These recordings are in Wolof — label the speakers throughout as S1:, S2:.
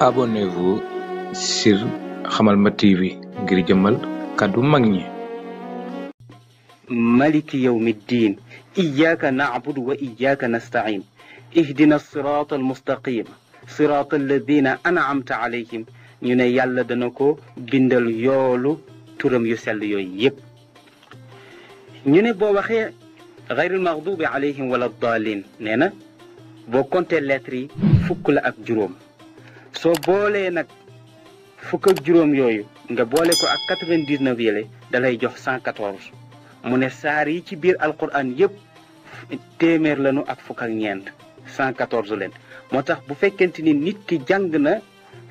S1: abonnez-vous sur Hamalma TV ngir jëmmal kadu mag ñi maliki yawmi ddin iyyaka na wa iyyaka nasta'in ihdina as-sirata al-mustaqim sirata alladina an'amta alayhim ñu ne yàlla dana ko bindal yoolu turam yu sell yooyu yépp ñu ne boo waxee gayril maxdubi alayhim wala daalin nee na boo compté lettres yi fukk la ak juróom soo boolee nag fukk juróom yooyu nga boole ko ak quatre-vingt-dix-neuf yële da lay jox cent quatorze mu ne saar ci biir alquran yëpp téeméer lanu ak fukk ak ñeent cent quatorze leen moo tax bu fekkente ni nit ki jàng na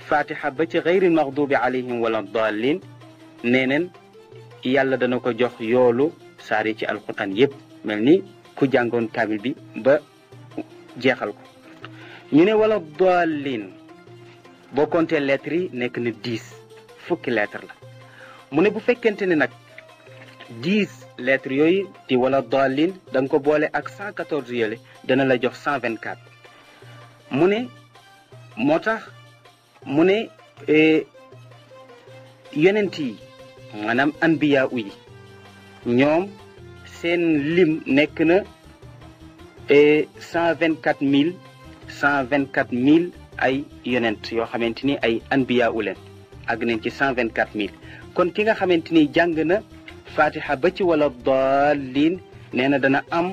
S1: fatiha ba ci xeyri maxdubi alayhim wala dallin neeneen yàlla dana ko jox yoolu saar yi ci alquran yëpp mel ni ku jàngoon kaamil bi ba jeexal ko ñu wala dallin boo compté lettres yi nekk na dix fukki lettres la mu ne bu fekkente ne nag dix lettres yooyu ti wala dallin da nga ko boole ak cent quatorze yële dana la jox cent vingt quatre mu ne moo tax mu ne eh, yonent yi maanaam anbiya u yi ñoom seen lim nekk na eh, cent vingt quatre mille cent vingt quatre mille ay yonent yoo xamante ni ay anbiya u leen àgg nañ ci cent vingt quatre mille kon ki nga xamante ni jàng na fatiha ba ci wala daalin nee na dana am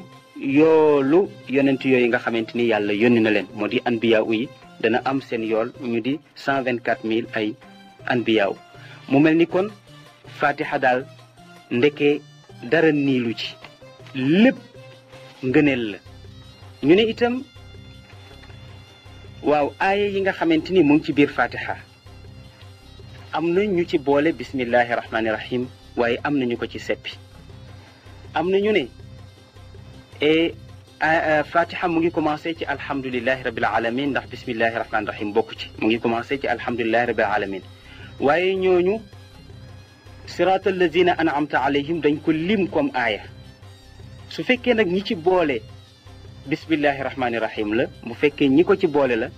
S1: yoolu yonent yooyu nga xamante ni yàlla yónni na leen moo di anbiya u yi dana am seen yool ñu di cent vingt quatre mille ay anbiya mu mel ni kon fatiha daal ndekee dara niilu ci lépp ngëneel la ñu ne itam waaw aaya yi nga xamante ni mu ngi ci biir fatiha am na ñu ci boole bismillahi rahmaani rahim waaye am na ñu ko ci seppi am na ñu ne e fatiha mu ngi commencé ci alhamdulilahi rabil alamin ndax bismillahi rahmaani rahim bokk ci mu ngi commencé ci alhamdulilahi rabil alamin waaye ñooñu siraat allazina an'amta alayhim dañ ko lim comme aaya su fekkee nag ñi ci boole bismillahi rahmaani rahim la bu fekkee ñi ko ci boole la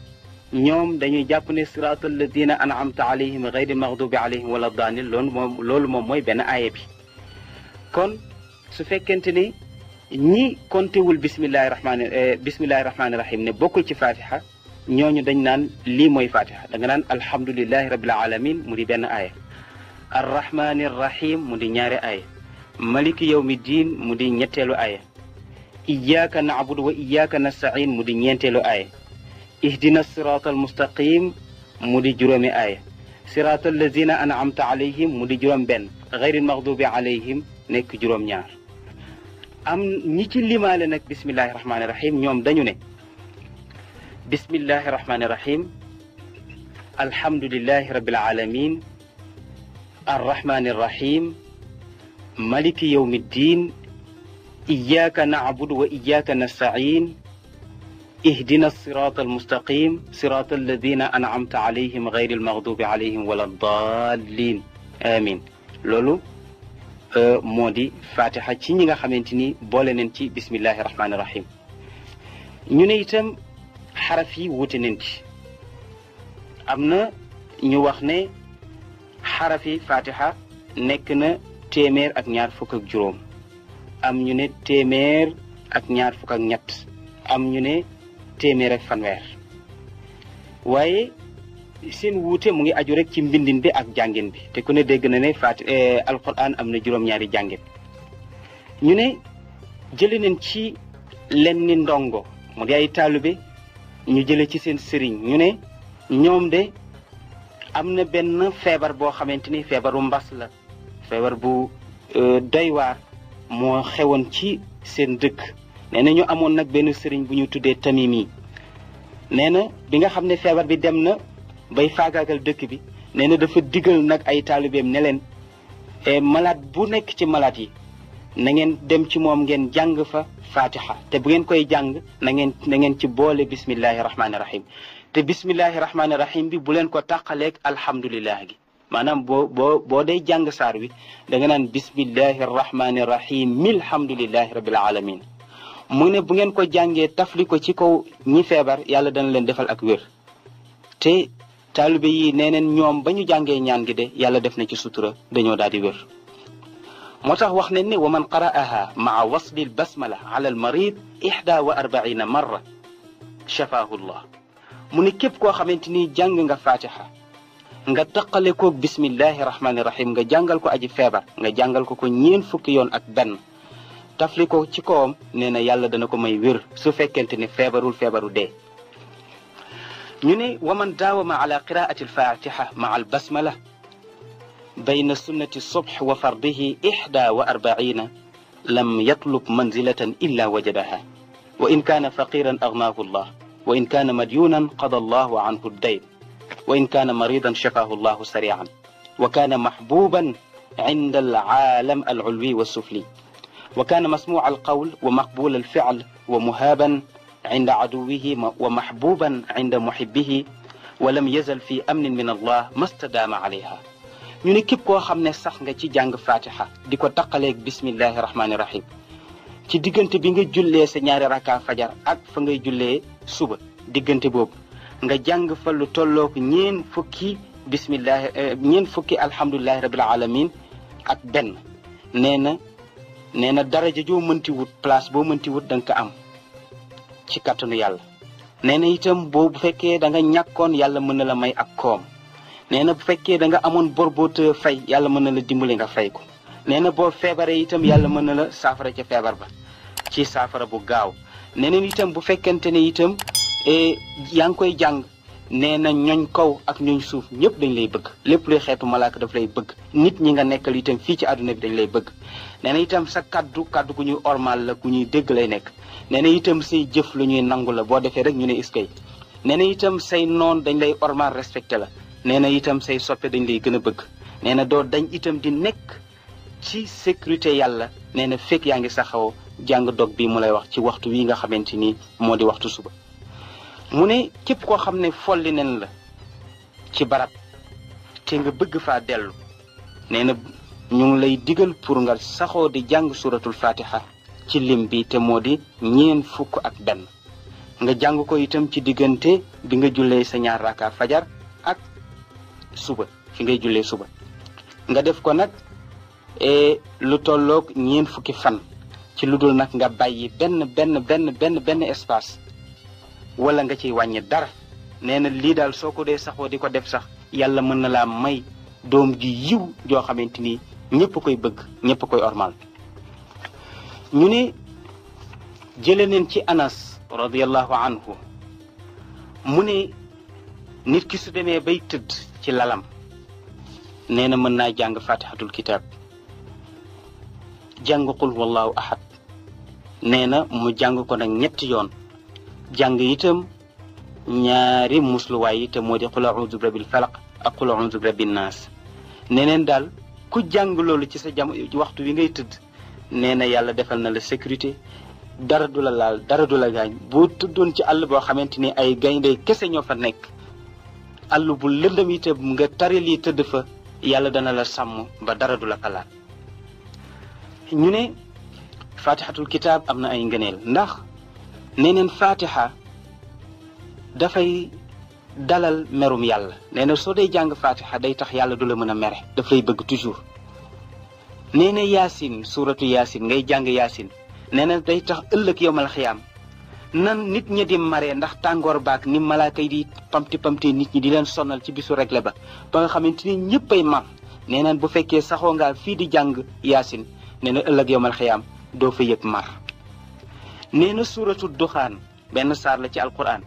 S1: ñoom dañuy jàpp ne siraatal ladina an'amta alayhim gayri maxdubi alayhim wala daanil loolu moom loolu moom mooy benn aaya bi kon su fekkente ni ñi kontewul bismillahi rahmaani bismillahi rahmaani rahim ne bokkul ci fatiha ñooñu dañ naan lii mooy fatiha da nga naan alhamdulilahi rabil alamin mu di benn aaya arrahmaani rahim mu di ñaari aaya maliki yawmi diin mu di ñetteelu aaya iyyaka na'budu wa iyyaka nasta'in mu di ñeenteelu aaya ihdina siraata almustaqim mu di juróomi aaya siraata allazina an'amta alayhim mu di juróom benn xayril maxdubi alayhim nekk juróom ñaar am ñi ci limaale nag bismillahi rahmaani rahim ñoom dañu ne bismillahi rahmaani rahim alhamdulillahi rabbil alamin arrahmaani rahim maliki yawmi ddin إياك نعبد وإياك نستعين اهدنا الصراط المستقيم صراط الذين أنعمت عليهم غير المغضوب عليهم ولا الضالين آمين لولو مودي فاتحة تنيغا خمنتني بولننتي بسم الله الرحمن الرحيم نيتم حرفي وتننتي أمنا نيوخني حرفي فاتحة نكنا تيمير أكنيار فوكك جروم am ñu ne téeméer ak ñaar fukk ñett am ñu ne téeméer ak fanweer waaye seen wuute mu ngi aju rek ci mbindin bi ak jàngin bi te ku ne dégg na ne faati eh, alquran am na juróom-ñaari jàngin ñu ne jële ci lenn ni ndongo mu di ay taalibe ñu jële ci seen sëriñ ñu ne ñoom de am na benn feebar boo xamante ni feebaru mbas la feebar bu eh, doy moo xewoon ci seen dëkk nee ñu amoon nag benn sëriñ bu ñu tuddee tamim yi nee na bi nga xam ne feebar bi dem na bay faagaagal dëkk bi nee na dafa digal nag ay taalibeem ne leen e, malaat bu nekk ci malaat yi na ngeen dem ci moom ngeen jàng fa fatiha te bu ngeen koy jàng na ngeen na ngeen ci boole bismillahi rahmaani rahim te bismillahi rahmaani rahim bi bu leen ko tàqaleeg alhamdulilah gi maanaam boo boo boo day jàng saar wi da nga naan bismillahi arrahmani irrahim alhamdulilahi rabbil alamin mu ne bu ngeen ko jàngee tafli ko ci kaw ñi feebar yàlla dana leen defal ak wér te taalibe yi nee neen ñoom ba ñu jàngee ñaan gi de yàlla def na ci sutura dañoo daal di wér moo tax wax nañ ne wa man qara'aha maa wasli l basmala ala al marid ihda wa arbaina marra chafaahu mu ne képp koo xamante ni jàng nga fatiha nga taqale koog bismillahi rahmaani rahim nga jàngal ko aji feebar nga jàngal ko ko ñeen fukki yoon ak benn tafli ko ci kawam nee na yàlla dana ko may wér su fekkente ne feebarul feebaru dee ñu ne waman daawama ala qiraati alfatiha maa albasmala bayna sunnati subh wa fardihi ixda wa arbaina lam yatlub manzilatan illa wajadaha wa in kaana faqiran agnaahu allah wa in kaana madyunan qada allahu anhu ddayn وإن كان مريضا شفاه الله سريعا وكان محبوبا عند العالم العلوي والسفلي وكان مسموع القول ومقبول الفعل ومهابا عند عدوه ومحبوبا عند محبه ولم يزل في أمن من الله ما استدام عليها ñu ne képp koo sax nga ci jàng fatiha di ko taqaleeg bismillahi rahmaani rahim ci diggante bi nga jullee sa ñaari raka fajar ak fa ngay suba nga jàng fa lu tollook ñeen fukki bisimilah eh, ñeen fukki alhamdulilahi rabil alamin ak benn nee na nee na daraja joo mënti wut place boo mënti wut da ko am ci kattanu yàlla nee na itam boo bu fekkee da nga ñàkkoon yàlla mën na la may ak koom nee na bu fekkee danga amoon bor boot fay yàlla mën na la dimbali nga fay ko nee na boo feebaree itam yàlla mën na la saafara ca feebar ba ci saafara bu gaaw nee na bu fekkente ne E, yaa ngi koy jàng nee na ñooñ kaw ak ñooñ suuf ñëpp dañ lay bëgg lépp luy xeetu malaaka daf lay bëgg nit ñi nga nekkal itam fii ci àdduna bi dañ lay bëgg nee na itam sa kàddu kàddu gu ñuy ormal la gu ñuy dégg lay nekk nee na itam say jëf lu ñuy nangu la boo defee rek ñu ne iskay nee na itam say noon dañ lay ormal respecté la nee na itam say soppe dañ lay gën a bëgg nee na doo dañ itam di nekk ci sécurité yàlla nee na fekk yaa ngi saxaw jàng dog bi mu lay wax ci waxtu wi nga xamante ni moo di waxtu suba mu ne képp koo xam ne folli nen la ci barab te nga bëgg fa dellu nee na ñu ngi lay digal pour nga saxoo di jàng suratul fatiha ci lim bi te moo di ñeen fukk ak benn nga jàng ko itam ci diggante bi nga jullee sa ñaar raaka fajar ak suba fi ngay jullee suba nga def ko nag e, lu tolloog ñeen fukki fan ci lu dul nag nga bàyyi benn benn benn benn benn espace wala nga ci wàññi dara nee na lii daal soo ko dee saxoo di ko def sax yàlla mën na laa may doom ji yiw joo xamante ni ñëpp koy bëgg ñëpp koy ormal ñu ne jële neen ci anas radiallahu anhu mu ne nit ki su demee bay tëdd ci lalam nee na mën naa jàng fatihatul kitab jàng qul wallahu ahad nee na mu jàng ko nag ñetti yoon jàng yitam ñaari musluwaay yi te moo di qul a'udhu bi rabbil falaq ak bi naas neneen daal ku jàng loolu ci sa jam waxtu wi ngay tëdd nee na yàlla defal na la sécurité dara du la laal dara du la gaañ boo tëddoon ci àll boo xamante ni ay gaynde kese ñoo fa nekk àll bu lëndëm itam nga tari lii tëdd fa yàlla dana la sàmm ba dara du la fa laal ñu ne faatixatul kitaab am na ay ngëneel ndax nee neen faatiha dafay dalal merum yàlla nee na soo day jàng faatiha day tax yàlla du la mën a mere daf lay bëgg toujours nee na yaasin suuratu yaasin ngay jàng yaasin nee na day tax ëllëg yowmal xiyaam nan nit ñi di maree ndax tàngoor baak ni malaaka yi di pamti pamti nit ñi di leen sonnal ci bisu regle ba ba nga xamante ni ñëppay mar nee naan bu fekkee saxoo fii di jàng yaasin nee na ëllëg yowmal xiyaam doo fa yëg mar nee na suuratu duxaan benn saar la ci alquran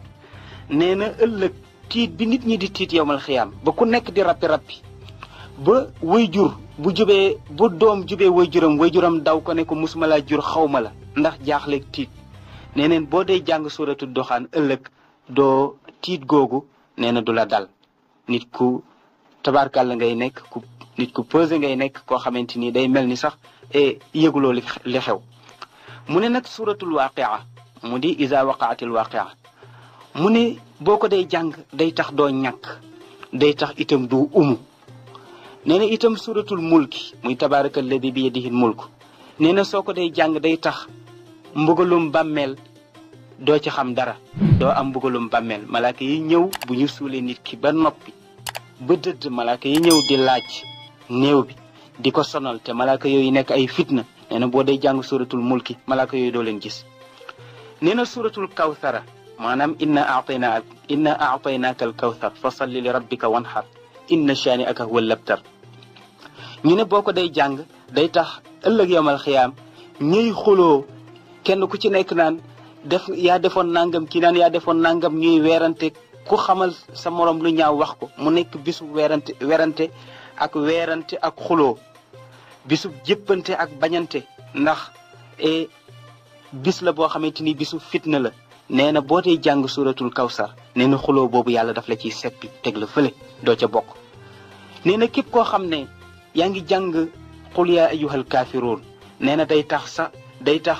S1: nee na ëllëg tiit bi nit ñi di tiit yowmal xiyaam ba ku nekk di rappi rappi ba way jur bu jubee bu doom jubee way juram way juram daw ko ne ko musuma laa jur xawma la ndax jaaxleeg tiit nee neen boo dee jàng suuratu doxaan ëllëg doo tiit googu nee na du la dal nit ku tabarkàlla ngay nekk ku nit ku posé ngay nekk koo xamante ni day mel ni sax e yëguloo li xew mu ne nag suuratul waaqia mu di isa waqaatil waaqia mu ne boo ko dee jàng day tax doo ñàkk day tax itam du umu nee na itam suuratul mulki muy tabaaraka alladi bi yadihil mulk nee na soo ko dee jàng day tax mbugalum bàmmeel doo ci xam dara doo am mbugalum bàmmeel malaaka yi ñëw bu ñu suulee nit ki ba noppi ba dëdd malaaka yi ñëw di laaj néew bi di ko sonal te malaaka yooyu nekk ay fitna nee na boo dee jàng suratul mulki malaaka yooyu doo leen gis nee na suratul kawsara maanaam inna aatayna inna aataynaaka al kawsar fa salli li rabbika wanhar inna shaani aka huwa labtar ñu ne boo ko day jàng day tax ëllëg yowmal xiyaam ñuy xuloo kenn ku ci nekk naan def yaa defoon nangam kii naan yaa defoon nangam ñuy weerante ku xamal sa morom lu ñaaw wax ko mu nekk bisu weerante weerante ak weerante ak xuloo bisub jëppante ak bañante ndax e bis la boo xamante ni bisu fitna la nee na boo dee jàng suratul kawsar nee na xuloo boobu yàlla daf la ci seppi teg la fële doo ca bokk nee na képp koo xam ne yaa ngi jàng xul yaa ayyuhal kaafiroon nee na day tax sa day tax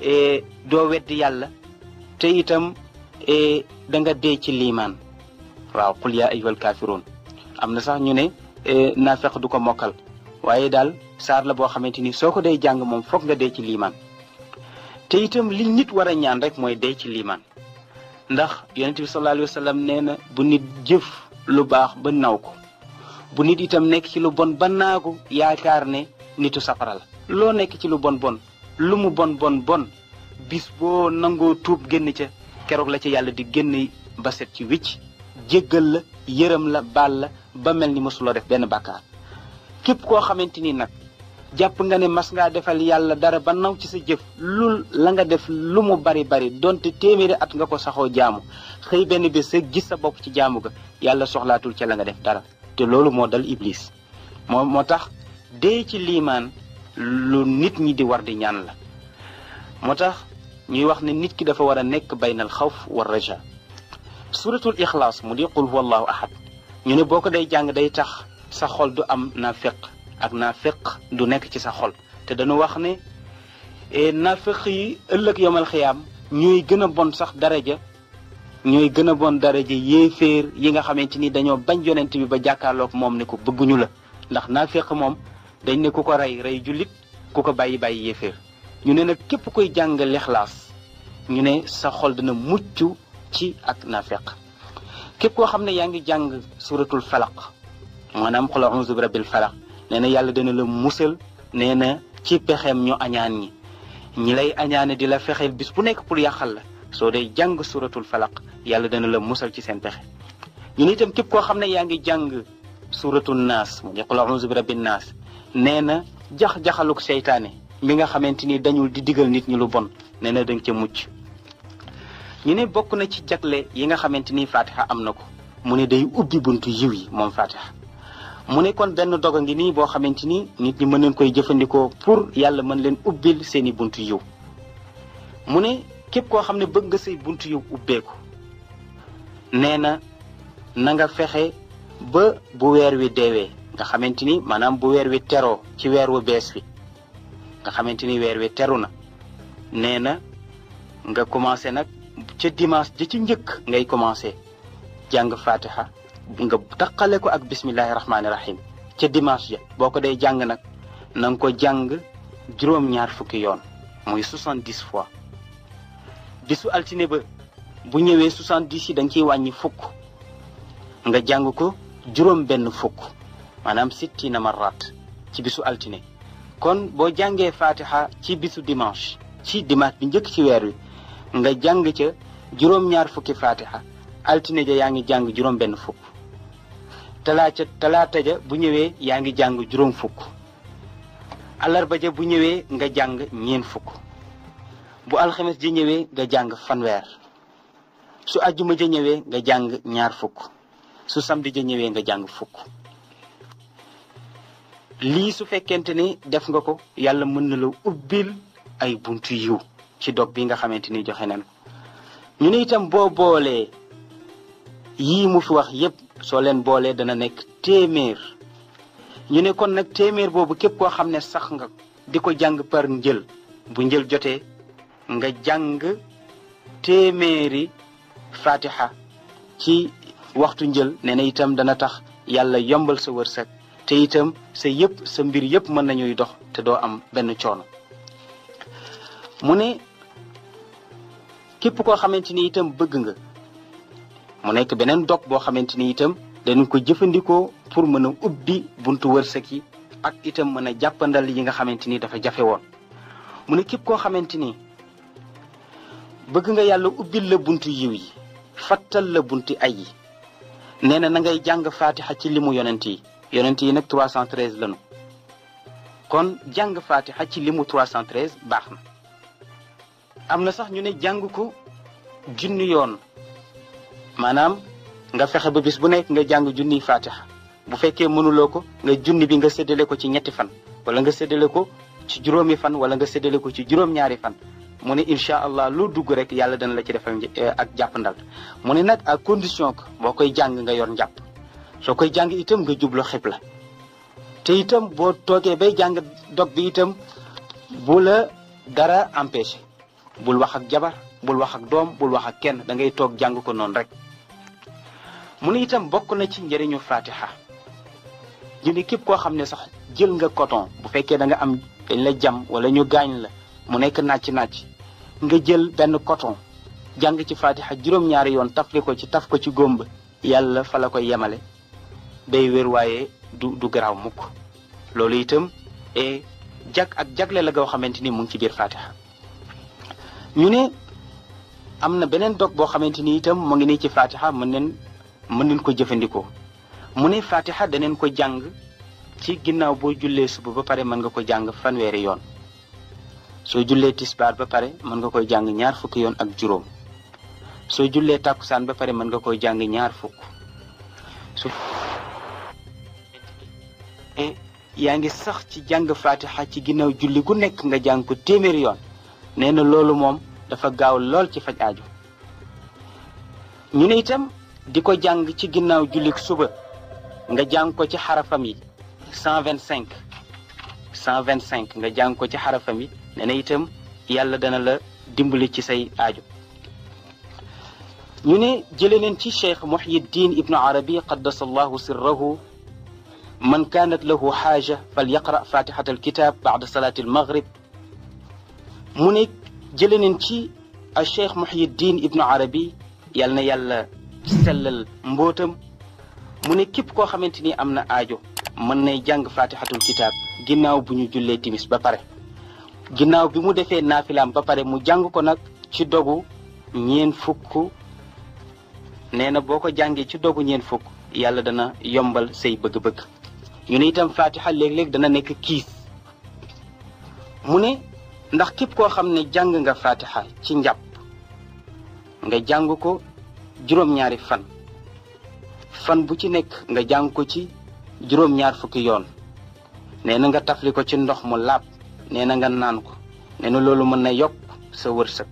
S1: eh, doo yàlla te itam eh, danga nga ci liimaan waaw xul yaa ayyuhal kaafiroon am na sax ñu ne naafeq du ko mokal waaye daal sar la boo xamante ni soo ko day jàng moom foog nga dee ci liimaan te itam li nit war a ñaan rek mooy dee ci liimaan ndax yonente bi sallallahu alayhi wasallam nee na bu nit jëf lu baax ba naw ko bu nit itam nekk ci lu bon ba ne nitu safara la loo nekk ci lu bon bon lu mu bon bon bon bis boo nangoo tuub génn ca keroog la ca yàlla di génn ba set ci wicc jéggal la yërëm la baal ba mel ni def benn bàkkaar képp koo xamante ni jàpp nga ne mas ngaa defal yàlla dara ba naw ci sa jëf lu la nga def lu mu bari bari donte téeméeri at nga ko saxoo jaamu xëy benn bés rek gis sa bopp ci jaamu ga yàlla soxlaatul ca la nga def dara te loolu moo dal iblis moo moo tax dee ci liimaan lu nit ñi di war di ñaan la moo tax ñuy wax ne nit ki dafa war a nekk baynal xawf wa raja suratul ixlaas mu di qul huwallahu ahad ñu ne boo ko day jàng day tax sa xol du am naafeq ak naafiq du nekk ci sa xol te dañu wax ne eh, naafiq yi ëllëg yomal xiyaam ñooy gën a bon sax daraja ñooy gën a bon daraja yéeféer yi nga xamante ni dañoo bañ yonent bi ba jàkkaarlook moom ne ko bëgguñu la ndax naafiq moom dañ ne ku ko rey rey jullit ku ko bàyyi bàyyi yéeféer ñu ne nag képp koy jàng lexlaas ñu ne sa xol dina mucc ci ak naafiq képp koo xam ne yaa ngi jàng suratul falaq maanaam xul a'uuzu bi rabbil falaq nee na yàlla dana la musal nee na ci pexeem ñu añaan ñi ñi lay añaane di la fexeel bis bu nekk pour yàqal la soo dee jàng suratul falaq yàlla dana la musal ci seen pexe ñu ne itam képp koo xam ne yaa ngi jàng suratul naas mu ne qul a'uuzu bi rabbin naas nee na jax-jaxaluk seytaane bi nga xamante ni dañul di digal nit ñi lu bon nee na danga ca mucc ñu ne bokk na ci jagle yi nga xamante ni fatiha am na ko mu ne day ubbi bunt yiw yi moom fatiha mu ne kon benn doga ngi nii boo xamante ni nit ñi mën nañ koy jëfandikoo pour yàlla mën leen ubbil seeni buntu yiw mu ne képp koo xam ne bëgg nga say buntu yiw ubbeeku nee na na nga fexe ba bu weer wi deewee nga xamante ni maanaam bu weer wi teroo ci weer wu bees wi nga xamante ni weer wi teru na nee na nga commencé nag ca dimance ji ci njëkk ngay commencé jàng fatiha nga taqale ko ak bismillahi rahmaani rahim ca dimanche ja boo ko dee jàng nag na nga ko jàng juróom-ñaar fukki yoon mooy soixante-dix fois bisu altine ba bu ñëwee soixante-dix yi da nga ciy wàññi fukk nga jàng ko juróom benn fukk maanaam sittina marat ci bisu altine kon boo jàngee fatiha ci bisu dimanche ci dimanche bi njëkk ci weer wi nga jàng ca juróom-ñaar fukki fatiha altine ja yaa ngi jàng juróom benn fukk talaata talaata ja bu ñëwee yaa ngi jàng juróom fukk àllarba ja bu ñëwee nga jàng ñeen fukk bu alxames ji ñëwee nga jàng fanweer su ajjuma ja ñëwee nga jàng ñaar fukk su samedi ja ñëwee nga jàng fukk li su fekkente ni def nga ko yàlla mën na la ubbil ay buntu yiw ci dog bi nga xamante ni joxe nañ ñu ne itam boo yii mu fi wax yépp soo leen boolee dana nekk téeméer ñu ne kon nag téeméer boobu képp koo xam ne sax nga di ko jàng par njël bu njël jotee nga jàng téeméeri fatiha ci waxtu njël nee na itam dana tax yàlla yombal sa wërsëg te itam sa yëpp sa mbir yëpp mën nañuy dox te doo am benn coono mu ne képp koo xamante ni itam bëgg nga mu nekk beneen dog boo xamante ni itam dañ ko jëfandikoo pour mën a ubbi buntu wërsëg yi ak itam mën a jàppandal yi nga xamante ni dafa jafe woon mu ne képp koo xamante ni bëgg nga yàlla ubbil la bunt yiw yi fattal la bunt ay yi nee na na ngay jàng faatixa ci limu yonent yi yonent yi nag 313 lanu kon jàng faatixa ci limu 313 baax na am na sax ñu ne jàng ko junni yoon maanaam nga fexe ba bis bu nekk nga jàng junni faatiha bu feke mënuloo ko nga junni bi nga séddale ko ci ñetti fan wala nga séddale ko ci juróomi fan wala nga séddale ko ci juróom-ñaari fan mu ne incha allah lu dugg rek yàlla dana la ci defal eh, ak jàppandal mu ne nag à condition que boo koy jàng nga yor njàpp soo koy jàng itam nga jublu xibla te itam boo toogee bay jàng dog bi itam bula dara empêché bul wax ak jabar bul wax ak doom bul wax ak kenn da ngay toog jàng ko noonu rek mu ne itam bokk na ci njëriñu fatiha ñu ne képp koo xam ne sax jël nga coton bu fekkee da nga am dañ la jam wala ñu gaañ la mu nekk nàcc-nàcc nga jël benn koton jang ci fatiha juróom-ñaari yoon tafli ko ci taf ko ci gómb yàlla fa la koy yemale day wér waaye du du garaaw mukk loolu itam e jag ak jagle la goo xamante ni mu ngi ci biir fatiha ñu ne am na beneen dog boo xamante ni itam mu ngi nii ci fatiha mën mën nañ ko jëfandikoo mu ne fatiha daneen ko jàng ci ginnaaw boo jullee suba ba pare mën nga ko jàng fanweeri yoon soo jullee tisbaar ba pare mën nga koy jàng ñaar fukki yoon ak juróom soo jullee tàkkusaan ba pare mën nga koy jàng ñaar fukk su e yaa ngi sax ci jàng fatiha ci ginnaaw julli gu nekk nga jàng ko téeméeri yoon nee na loolu moom dafa gaaw lool ci faj aaju ñu ne diko jàng ci ginnaw julik suba nga jàng ko ci harafam yi 125 125 nga jàng ko ci harafam yi nene itam yàlla dana la dimbali ci say aaju ñu ne jële len ci cheikh muhyiddin ibn arabi qaddasa allahu sirrahu من كانت له حاجة فليقرأ فاتحة الكتاب بعد صلاة المغرب منك جلننتي الشيخ محي الدين ابن عربي يالنا يالا sellal mbootam mu ne képp koo xamante ni am na aajo mën nay jàng fatihatul kitaab ginnaaw bu ñu julee timis ba pare ginnaaw bi mu defee naafilaam ba pare mu jàng ko nag ci dogu ñeen fukk nee na boo ko jàngee ci dogu ñeen fukk yàlla dana yombal say bëgg-bëgg ñu ne itam fatiha léeg-léeg dana nekk kiis mu ne ndax képp koo xam ne jàng nga fatiha ci njàpp nga jàng ko juróom ñaari fan fan bu ci nekk nga jàng ko ci juróom ñaar fukki yoon nee na nga tafli ko ci ndox mu laab nee na nga naan ko nee na mën na yokk sa wërsëg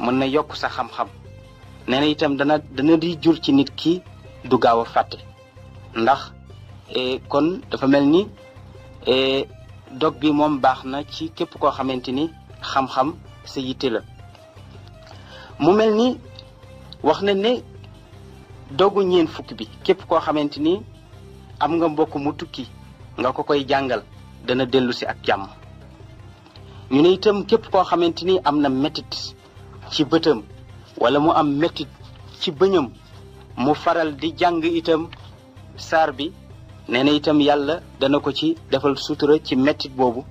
S1: mën na yokk sa xam-xam nee na itam dana dana di jur ci nit ki du gaaw a fàtte ndax e, kon dafa mel ni e, dog bi moom baax na ci képp koo xamante ni xam-xam sa yitte mu mel ni wax na ne dogu ñeen fukk bi képp koo xamante ni am nga mbokk mu tukki nga ko koy jàngal dana dellu si ak jàmm ñu ne itam képp koo xamante ni am na métit ci bëtam wala mu am métit ci bëñam mu faral di jàng itam saar bi nee na itam yàlla dana ko ci defal sutura ci métit boobu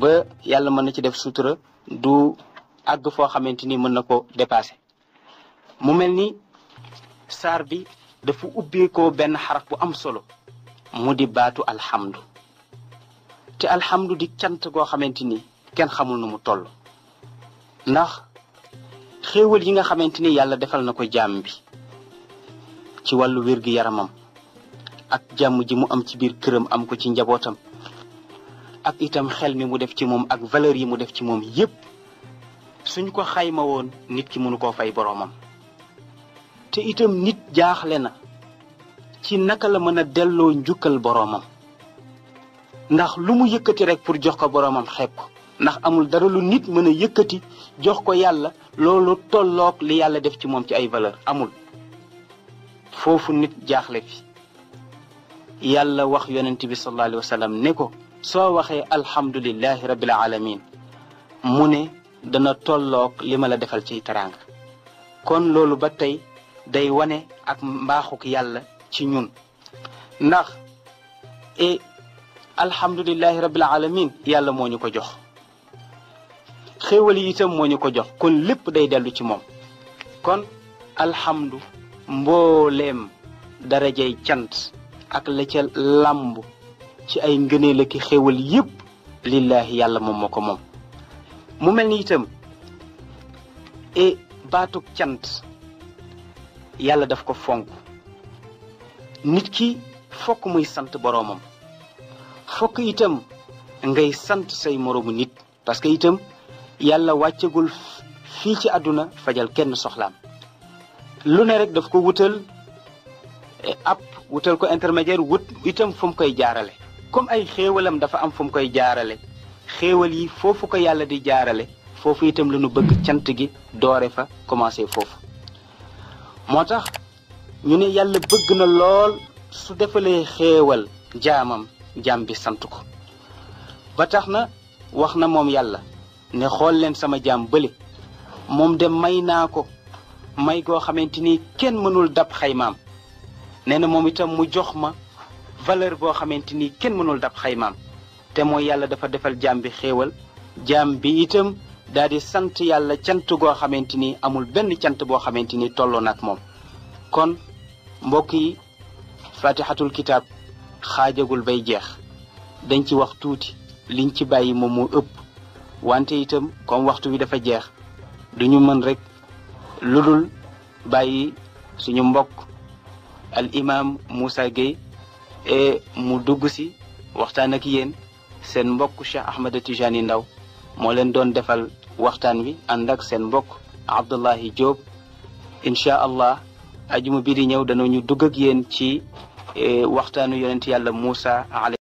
S1: ba yàlla mën na ci def sutura du àgg foo xamante ni mën na ko dépasser mu mel ni saar bi dafa ubbeekoo benn xaraf bu am solo mu di baatu alxamdu te alxamdu di cant goo xamante ni kenn xamul nu mu toll ndax xéewal yi nga xamante ni yàlla defal na ko jaam bi ci wàllu wér yaramam ak jàmm ji mu am ci biir këram am ko ci njabootam ak itam xel mi mu def ci moom ak valeur yi mu def ci moom yëpp suñ ko xayma woon nit ki mënu koo fay boroomam te itam nit jaaxle na ci naka la mën a delloo njukkal boroomam ndax lu mu yëkkati rek pour jox ko boromam xeeb ko ndax amul dara lu nit mën a yëkkati jox ko yàlla loolu tollook li yàlla def ci moom ci ay valeur amul foofu nit jaaxle fi yàlla wax yonent bi sallallahu alayhi ne ko soo waxee alhamdulillahi rabbil alamin mu ne dana tolloog li ma la defal ci teraanga kon loolu ba tey day wane ak mbaaxuk yàlla ci ñun ndax e alhamdulilahi rabbil alamin yàlla moo ñu ko jox xéewal yi moo ñu ko jox kon lépp day dellu ci moom kon alhamdu dara darajay cant ak la làmb ci ay ngëneel ak xéewal yépp lillaahi yàlla moom moo ko moom mu mel ni itam e baatuk cant yàlla daf ko fonk nit ki fokk muy sant boromam fokk itam ngay sant say moroomu nit parce que itam yàlla wàccegul fii ci àdduna fajal kenn soxlaan lu ne rek daf ko wutal eh, ab wutal ko intermédiaire wut itam fu mu koy jaarale comme ay xéewalam dafa am fu mu koy jaarale xéewal yi foofu ko yàlla di jaarale foofu itam la ñu bëgg cant gi doore fa commencé foofu moo tax ñu ne yàlla bëgg na lool su defalee xéewal jaamam jaam bi sant ko ba tax na wax na moom yàlla ne xool leen sama jaam bële moom dem may naa ko may goo xamante ni kenn mënul dab xaymaam nee na moom itam mu jox ma valeur boo xamante ni kenn mënul dab xaymaam te mooy yàlla dafa defal jaam bi xéewal jaam bi itam daal sant yàlla cant goo xamante ni amul benn cant boo xamante ni tolloo moom kon mbokk yi fatihatul kitaab xaajagul bay jeex dañ ci wax tuuti liñ ci bàyyi moom mu ëpp wante itam comme waxtu wi dafa jeex ñu mën rek lu dul bàyyi suñu mbokk al imaam Moussa Gueye e mu dugg si waxtaan ak yéen seen mbokk Cheikh Ahmed Tijani Ndaw moo leen doon defal waxtaan wi ànd ak seen mbokk Abdullahi Diop incha allah ajuma bi di ñëw danañu dugg ak yéen ci eh, waxtaanu yonent yàlla Moussa.